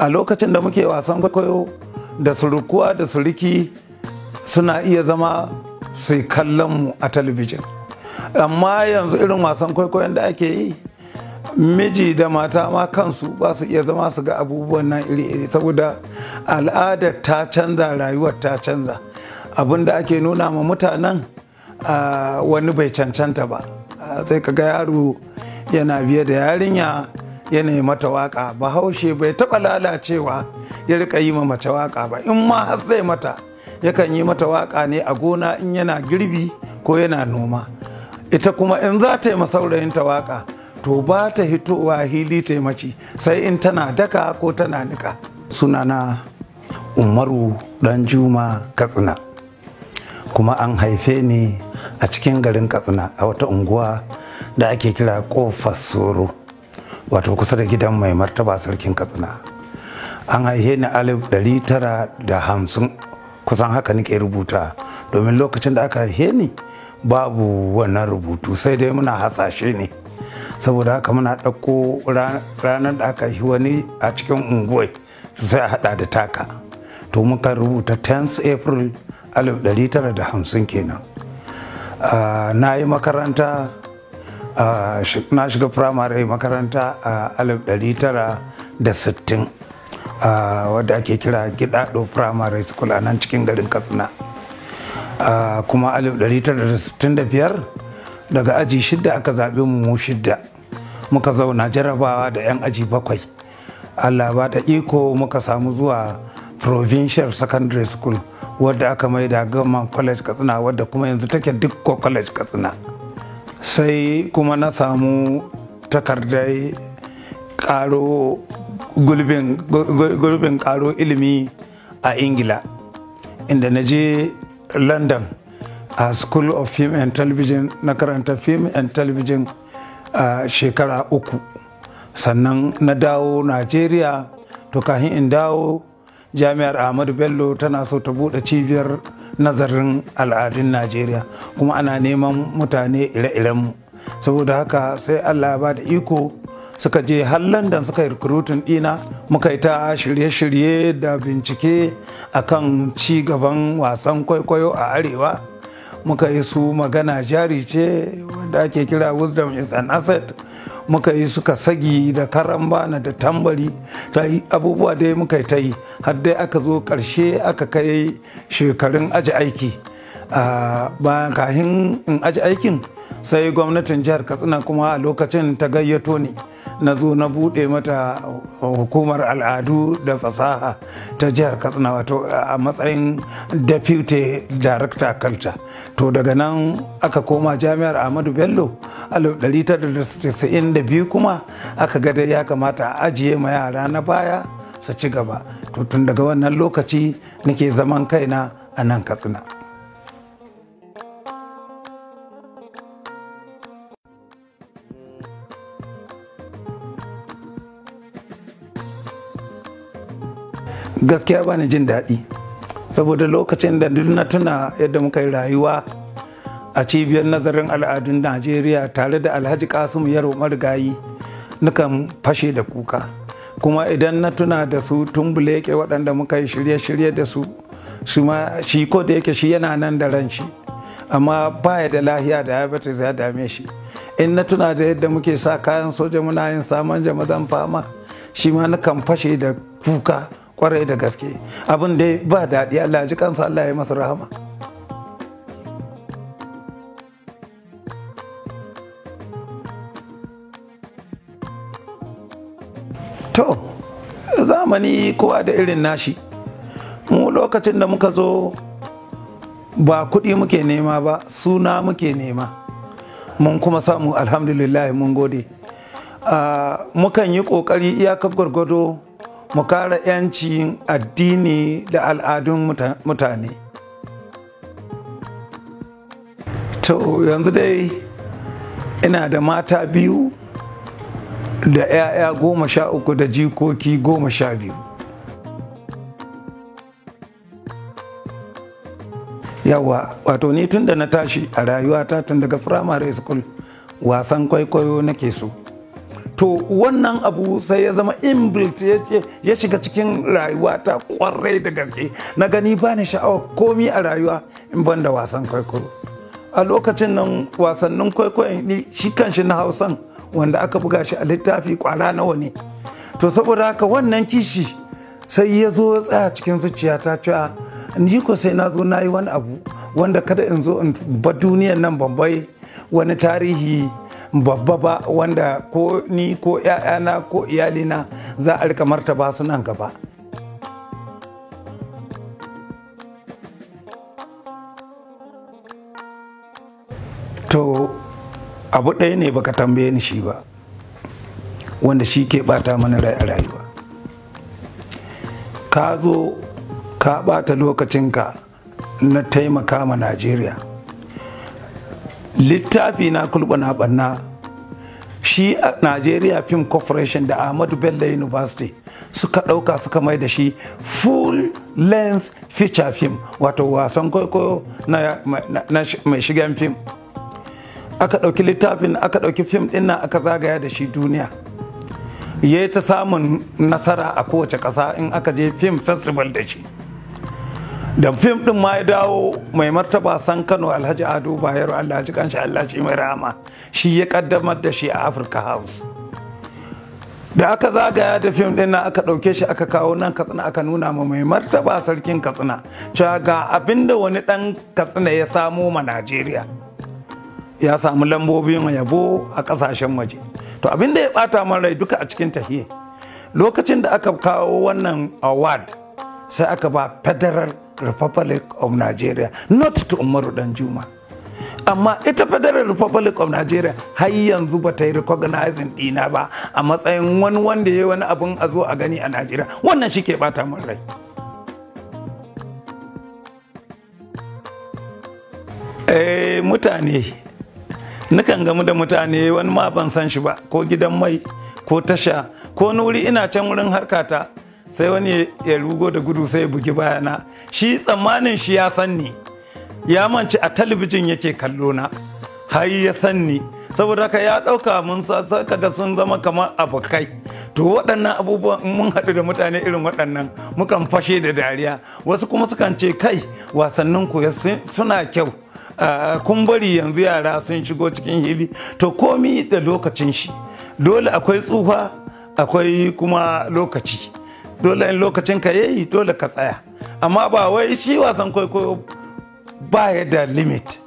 a lokacin da muke wasan kwaikwayo da surukuwa da suriki suna iya zama su kallon mu a talabijin amma yanzu irin wasan kwaikwayon da ake yi miji da mata ma kansu ba su iya zama su ga abubuwan nan iri-iri saboda al'adar ta canza rayuwar ta canza abin da ake nuna ma mutanen wani bai cancanta ba sai ka ga yaro yana biye da yarinya Yanayi mata waka bahaushe bai taɓa lalacewa ya rika yi ma mace waka ba in ma har zai mata yakan yi mata waka ne a gona in yana girbi ko yana noma ita kuma in za ta yi ta waka to ba ta hitowa hili ta yi mace sai in tana daka ko tana nika sunana umaru dan juma katsina kuma an haife ni a cikin garin katsina a wata unguwa da ake kira kofar soro wato kusa da gidan mai martaba sarkin katsina an haihe ni alif dari tara da hamsin kusan haka nake rubuta domin lokacin da aka haihe ni babu wannan rubutu sai dai muna hasashe ne saboda haka muna ɗauko ranar da aka yi wani a cikin unguwai sai a haɗa da taka to muka rubuta 10th april 1950 kenan ah, na yi makaranta na shiga firamare makaranta a 1960 wadda ake kira gidado firamare school a nan cikin garin katsina kuma biyar daga aji shidda aka zaɓi mu shidda muka zauna jarabawa da 'yan aji bakwai allah ba ta iko muka samu zuwa provincial secondary school wadda aka maida gaman college katsina wadda kuma yanzu take duk college katsina sai kuma na samu takardai karo gulbin karo ilimi a ingila inda na je london a school of film and television na karanta film and television a shekara uku sannan na dawo nigeria to kahin in dawo jami'ar ahmadu bello tana so ta bude cibiyar nazarin al'adun najeriya kuma ana neman mutane ire-irenmu saboda haka sai allah ba da iko suka je har london suka yi rikirutun dina muka yi ta shirye-shirye da bincike akan ci gaban wasan kwaikwayo a arewa muka yi su magana jari ce wanda ake kira wisdom is an asset muka yi suka sagi da karambana da tambari ta yi abubuwa dai muka yi ta yi har dai aka zo ƙarshe aka kai shekarun aji aiki bayan kahin in aji aikin sai gwamnatin jihar katsina kuma a lokacin ta gayyato ne. na zo na buɗe mata hukumar al'adu da fasaha ta jihar katsina wato a matsayin deputy director culture to daga nan aka koma jami'ar ahmadu bello da biyu kuma aka gada ya kamata a ajiye ma yara na baya su ci gaba to tun daga wannan lokaci nake zaman kaina a nan katsina gaskiya bani jin daɗi saboda lokacin da duk na tuna yadda muka yi rayuwa a cibiyar nazarin al'adun najeriya tare da alhaji kasimu yaro marigayi nukan fashe da kuka kuma idan na tuna da su tun buleke waɗanda muka yi shirye-shirye da su shi ko da yake shi yana nan da ran shi amma baya da lahiya da ya bata ya dame shi in na tuna da yadda muke sa kayan soja muna yin saman jama'an fama shi ma nakan fashe da kuka kwarai da gaske abin dai ba daɗi Allah ji kansa Allah ya masa rahama to zamani kowa da irin nashi mu lokacin da muka zo ba kuɗi muke nema ba suna muke nema mun kuma samu alhamdulillah mun gode ah, mukan yi ƙoƙari iyakar gwargwado mu kara 'yancin addini da al'adun mutane to yanzu dai ina da mata biyu da 'ya'ya goma sha uku da jikoki goma sha biyu yawa wato ni tun da na tashi a rayuwata tun daga firamare school wasan kwaikwayo nake so to wannan abu sai ya zama inbuilt ya shiga cikin rayuwa ta kwarai da gaske na gani ba ni sha'awa komi a rayuwa in ban da wasan kwaikwayo a lokacin nan wasannin kwaikwayon ni shi kanshi na hausan wanda aka buga shi a littafi kwara nawa ne to saboda haka wannan kishi sai ya zo tsaya cikin zuciya ta cewa ni ko sai na zo na yi wani abu wanda kada in zo in ba duniyan nan bambai wani tarihi babba ba wanda ko ni ko 'ya'yana ko iyalina za a rika martaba su nan gaba to abu ɗaya ne baka tambaye ni shi ba wanda shi ke bata mana rai a rayuwa ka zo ka bata lokacinka na taimaka ma najeriya littafi na na ɓanna shi a nigeria film corporation da ahmadu bello university suka ɗauka suka mai da shi full length feature film wato wasan kwaikwayo na mai shigan film aka ɗauki littafin aka ɗauki film ɗin nan aka zagaya da shi duniya ya yi ta samun nasara a kowace ƙasa in aka je film festival da shi da fim din ma ya dawo mai martaba san kano alhaji ado bayero allah ji kanshi allah shi mai rahama shi ya kaddamar da shi a africa house da aka zagaya da fim din nan aka dauke shi aka kawo nan katsina aka nuna ma mai martaba sarkin katsina cewa ga abinda wani dan katsina ya samo ma najeriya ya samu lambobin yabo a kasashen waje to abinda ya bata man rai duka a cikin tahiye lokacin da aka kawo wannan award sai aka ba federal republic of nigeria not to umaru danjuma amma ita federal republic of nigeria har yanzu ba yi recognizing dina ba a matsayin wani wanda ya wani abin a zo a gani a nigeria wannan shi ke bata min rai eh mutane nakan gamu da mutane wani ma ban san shi ba ko gidan mai ko tasha ko nuri ina can wurin harkata sai wani ya rugo da gudu sai ya bugi bayana shi tsammanin shi ya sanni ya manci a talabijin yake kallo na hayi ya sanni saboda haka ya ɗauka mun saka ga sun zama kamar abokai to waɗannan abubuwan in mun haɗu da mutane irin waɗannan mukan fashe da dariya wasu kuma sukan ce kai wasannin ku suna kyau kun bari yanzu yara sun shigo cikin hili to komi da lokacin shi dole akwai tsufa akwai kuma lokaci dole in lokacin ka yayi dole ka tsaya amma ba wai shi wasan kwaikwayo ba ya da limit